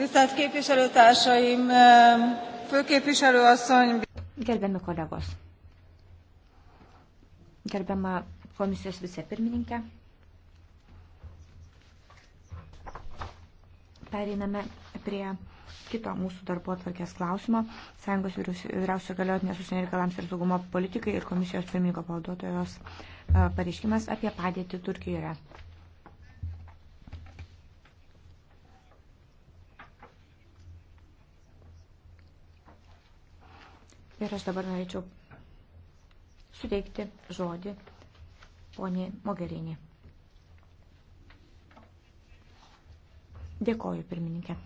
Tisztelt képviselőtársaim, eh, főképviselő asszony. Gerbiami kolegos. Gerbiama komisijos vicepirmininkė. Pereiname prie kito mūsų darbo atvarkės klausimo. Sąjungos vyriausio galiotinės užsienio reikalams ir saugumo politikai ir komisijos pirmininko pavaduotojos eh, pareiškimas apie padėtį Turkijoje. Ir aš dabar norėčiau suteikti žodį poniai Mogerinį. Dėkoju, pirmininkė.